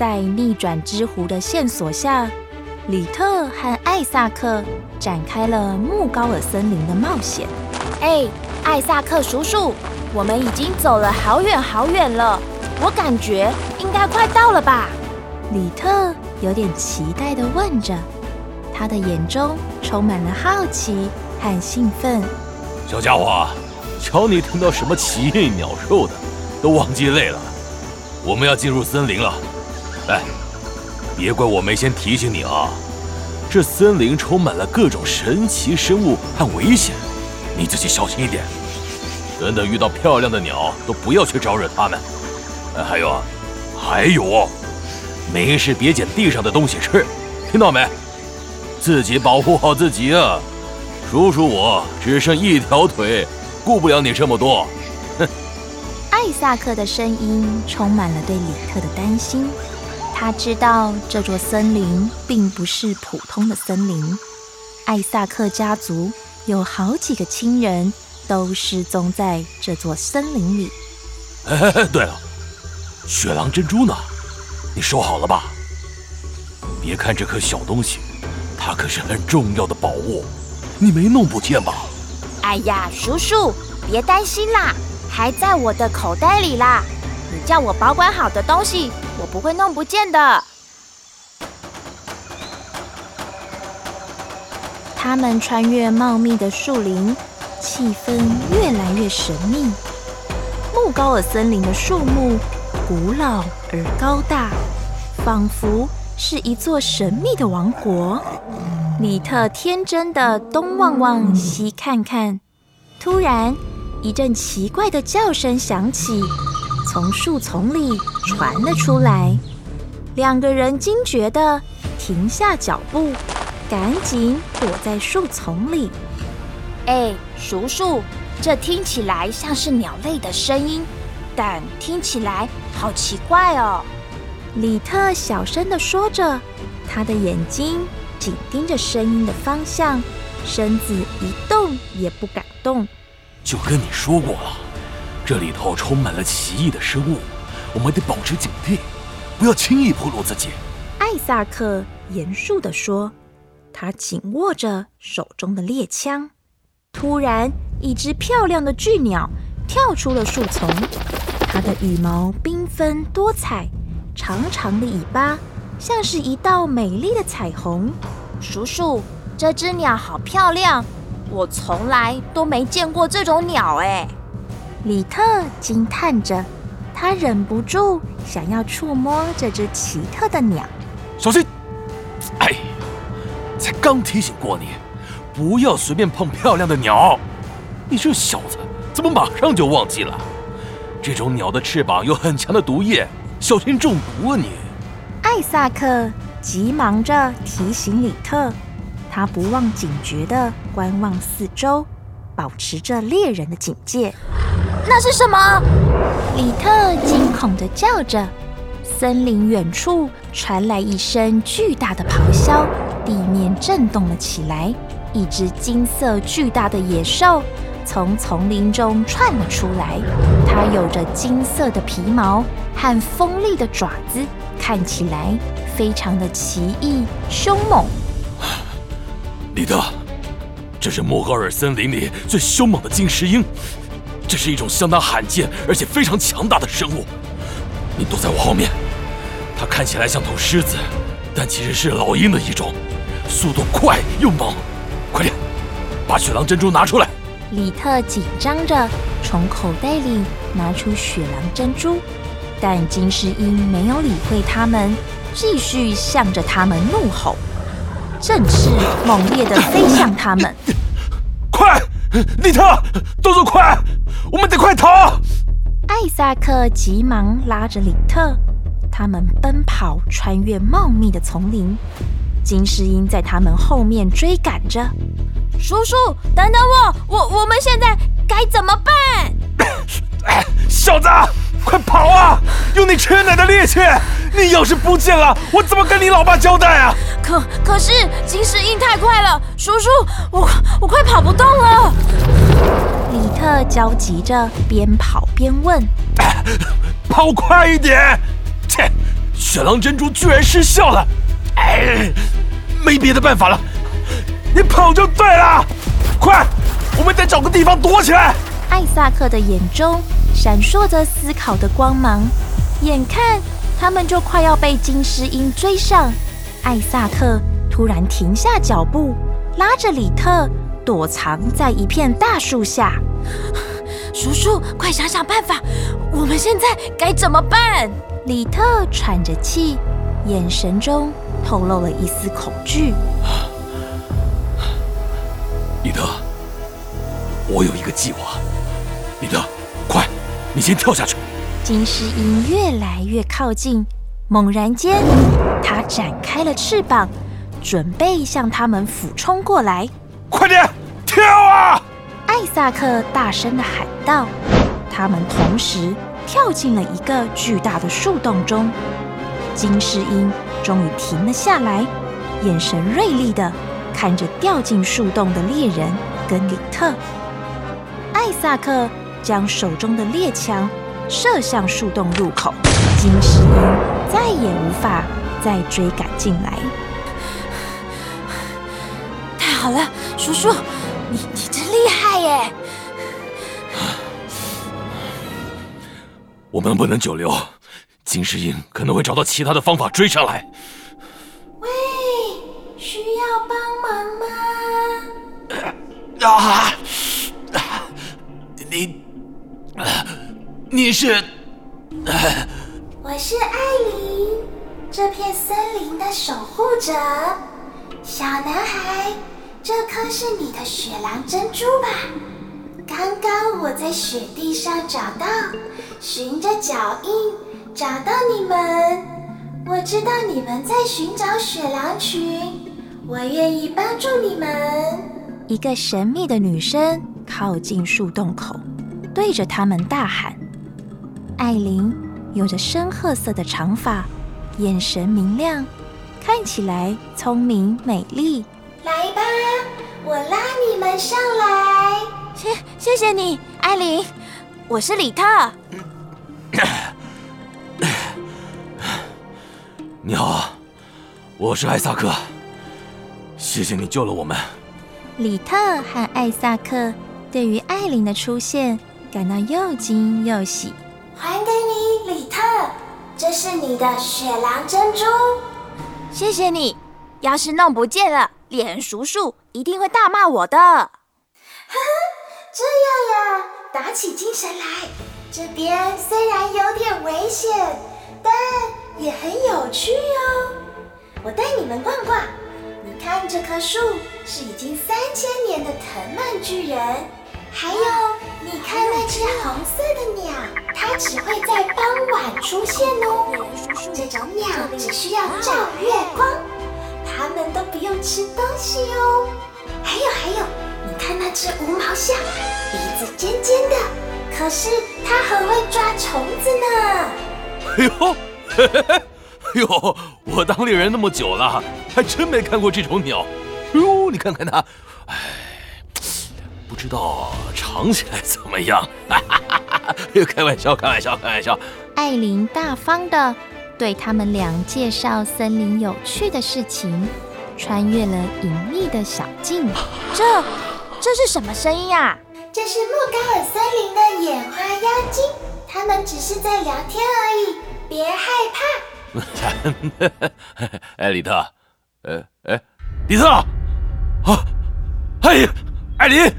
在逆轉之湖的線索下，里特和艾薩克展開了穆高爾森林的冒險。哎，艾薩克叔叔，我們已經走了好遠好遠了，我感覺應該快到了吧？里特有點期待地問着，他的眼中充滿了好奇和興奮。小家伙，瞧你聽到什麼奇異鳥獸的，都忘記累了。我們要進入森林了。哎，別怪我沒先提醒你啊！這森林充滿了各種神奇生物和危險，你自己小心一點。等等，遇到漂亮的鳥都不要去招惹它們。哎，還有啊，還有哦，沒事別撿地上的東西吃，聽到沒？自己保護好自己啊！叔叔我只剩一條腿，顧不了你這麼多。哼。艾薩克的聲音充滿了對里特的擔心。他知道這座森林並不是普通的森林，艾薩克家族有好幾個親人都失蹤在這座森林裡。哎哎哎，對了，雪狼珍珠呢？你收好了吧？別看這顆小東西，它可是很重要的寶物。你沒弄不見吧？哎呀，叔叔，別擔心啦，還在我的口袋裡啦。你叫我保管好的東西。我不會弄不見的。他們穿越茂密的樹林，氣氛越來越神秘。穆高爾森林的樹木古老而高大，仿佛是一座神秘的王國。里特天真的東望望，西看看，突然一陣奇怪的叫聲響起，從樹叢裡傳了出來，兩個人驚覺的停下腳步，趕緊躲在樹叢裡。哎、欸，叔叔，這聽起來像是鳥類的聲音，但聽起來好奇怪哦。里特小聲的說着，他的眼睛緊盯着聲音的方向，身子一動也不敢動。就跟你說過了。這裡頭充滿了奇異的生物，我們得保持警惕，不要輕易暴露自己。”艾薩克嚴肅地說，他緊握着手中的獵槍。突然，一隻漂亮的巨鳥跳出了樹叢，它的羽毛繽紛多彩，長長的尾巴像是一道美麗的彩虹。叔叔，這隻鳥好漂亮，我從來都沒見過這種鳥誒。李特驚嘆着，他忍不住想要觸摸這隻奇特的鳥。小心！哎，才剛提醒過你，不要隨便碰漂亮的鳥。你這小子怎麼馬上就忘記了？這種鳥的翅膀有很強的毒液，小心中毒啊！你。艾薩克急忙着提醒里特，他不忘警覺地觀望四周，保持着獵人的警戒。那是什麼？里特驚恐地叫着。森林遠處傳來一聲巨大的咆哮，地面震動了起來。一隻金色巨大的野獸從叢林中竄了出來。它有着金色的皮毛和鋒利的爪子，看起來非常的奇異兇猛。里特，這是穆高爾森林裡最兇猛的金石鷹。這是一種相當罕見而且非常強大的生物。你躲在我後面。它看起來像頭獅子，但其實是老鷹的一種，速度快又猛。快點，把雪狼珍珠拿出來。里特緊張着從口袋裡拿出雪狼珍珠，但金獅鷹沒有理會他們，繼續向着他們怒吼，振翅猛烈地飛向他們。 gramm� exc3 快，里特，動作快！我們得快逃！艾薩克急忙拉着里特，他們奔跑穿越茂密的叢林。金絲鷹在他們後面追趕着。叔叔，等等我！我我們現在該怎麼辦？小子，快跑啊！用你吃奶的力氣！你要是不見了，我怎麼跟你老爸交代啊？可可是金絲鷹太快了，叔叔，我我快跑不動了。里特焦急着，邊跑邊問：“哎、跑快一點！切，雪狼珍珠居然失效了，哎，沒別的辦法了，你跑就對了。快，我們得找個地方躲起來。”艾薩克的眼中閃爍着思考的光芒，眼看他們就快要被金獅鷹追上，艾薩克突然停下腳步，拉着里特，躲藏在一片大樹下， 叔叔，快想想辦法，我們現在該怎麼辦？里特喘着氣，眼神中透露了一絲恐懼。里特，我有一個計劃。里特，快，你先跳下去。金絲鷹越來越靠近，猛然間，他展開了翅膀，準備向他們俯衝過來。快點！跳啊！艾薩克大聲的喊道，他們同時跳進了一個巨大的樹洞中。金絲鷹終於停了下來，眼神銳利的看着掉進樹洞的獵人跟里特。艾薩克將手中的獵槍射向樹洞入口，金絲鷹再也無法再追趕進來。太好了，叔叔。我們不能久留，金世英可能會找到其他的方法追上來。喂，需要幫忙嗎？啊，啊你啊，你是？啊、我是艾琳，這片森林的守護者。小男孩，這顆是你的雪狼珍珠吧？剛剛我在雪地上找到，循着腳印找到你們。我知道你們在尋找雪狼群，我願意幫助你們。一個神秘的女生靠近樹洞口，對着他們大喊：“艾琳，有着深褐色的長髮，眼神明亮，看起來聰明美麗。來吧，我拉你們上來。”謝謝你，艾琳。我是李特。你好，我是艾薩克。謝謝你救了我們。李特和艾薩克對於艾琳的出現感到又驚又喜。還給你，李特，這是你的雪狼珍珠。謝謝你。要是弄不見了，臉叔叔一定會大罵我的。 這樣呀，打起精神來。這邊雖然有點危險，但也很有趣哦。我帶你們逛逛。你看這棵樹是已經三千年的藤蔓巨人，還有你看那隻紅色的鳥，它只會在傍晚出現哦。這種鳥只需要照月光，它們都不用吃東西哦。還有還有。看那隻無毛象，鼻子尖尖的，可是它很會抓蟲子呢。哎呦，哎呦，我當獵人那麼久了，還真沒看過這種鳥。哎呦，你看看它，哎，不知道嘗起來怎麼樣。哎呦，開玩笑，開玩笑，開玩笑。艾琳大方的對他們倆介紹森林有趣的事情，穿越了隱秘的小徑，這。這是什麼聲音呀、啊？這是穆高爾森林的野花妖精，他們只是在聊天而已，別害怕。艾 里特，呃，哎，里特，啊，艾、哎、林，艾琳，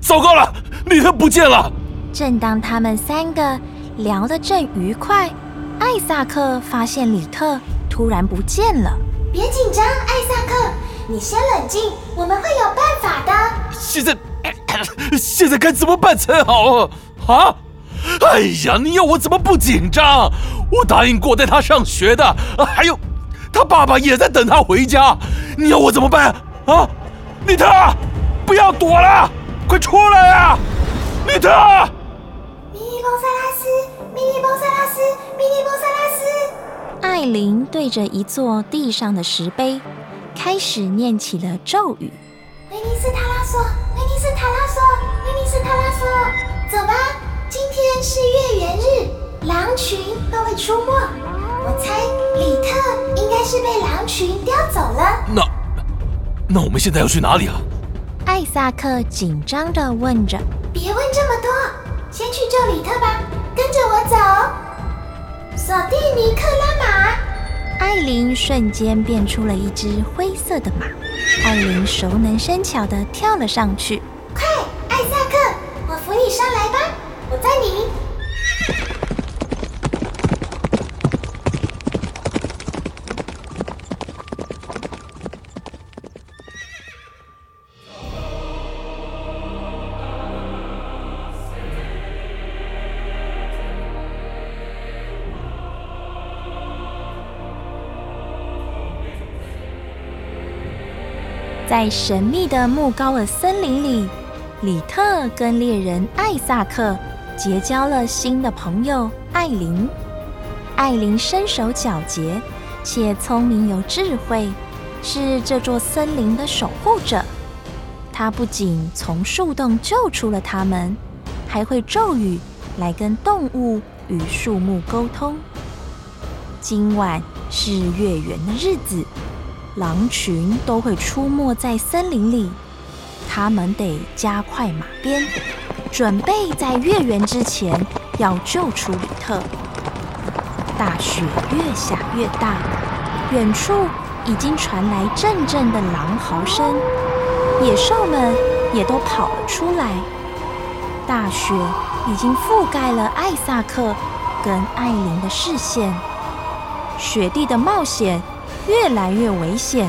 糟糕了，里特不見了！正當他們三個聊得正愉快，艾薩克發現里特突然不見了。別緊張，艾薩克。你先冷靜，我們會有辦法的。現在、呃，現在該怎麼辦才好啊？啊！哎呀，你要我怎麼不緊張？我答應過帶他上學的、啊，還有，他爸爸也在等他回家。你要我怎麼辦啊？里特，不要躲了，快出來啊！里特，迷你波塞拉斯，迷你波塞拉斯，迷你波塞拉斯。艾琳對着一座地上的石碑，開始念起了咒語，威尼斯塔拉索，威尼斯塔拉索，威尼斯塔拉索，走吧，今天是月圓日，狼群都會出沒。我猜里特應該是被狼群叼走了。那，那我們現在要去哪裡啊？艾薩克緊張地問着。別問這麼多，先去救里特吧，跟着我走。索蒂尼克拉瑪。艾琳瞬間變出了一隻灰色的馬，艾琳熟能生巧的跳了上去。快，艾薩克，我扶你上來吧，我載你。在神秘的穆高爾森林裡，里特跟獵人艾薩克結交了新的朋友艾琳。艾琳身手矯捷，且聰明有智慧，是這座森林的守護者。她不僅從樹洞救出了他們，還會咒語來跟動物與樹木溝通。今晚是月圓的日子。狼群都會出沒在森林裡，他們得加快馬鞭，準備在月圓之前要救出里特。大雪越下越大，遠處已經傳來陣陣的狼嚎聲，野獸們也都跑了出來。大雪已經覆蓋了艾薩克跟艾琳的視線，雪地的冒險越來越危險，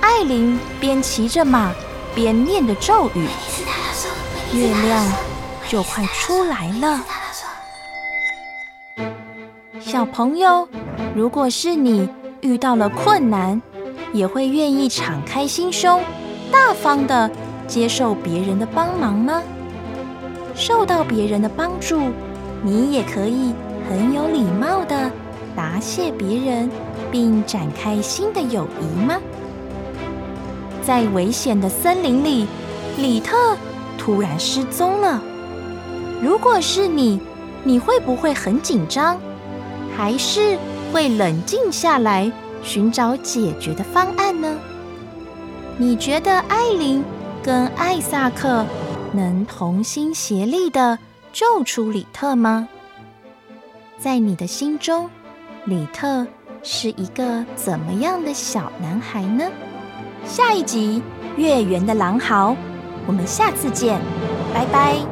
艾琳邊騎着馬邊念着咒語，打打打打，月亮就快出來了，打打打打。小朋友，如果是你遇到了困難，也會願意敞開心胸，大方的接受別人的幫忙嗎？受到別人的幫助，你也可以很有禮貌的答謝別人，並展開新的友誼嗎？在危險的森林裡，里特突然失蹤了。如果是你，你會不會很緊張，還是會冷靜下來尋找解決的方案呢？你覺得艾琳跟艾薩克能同心協力地救出里特嗎？在你的心中，里特，是一個怎麼樣的小男孩呢？下一集《月圓的狼嚎》，我們下次見，拜拜。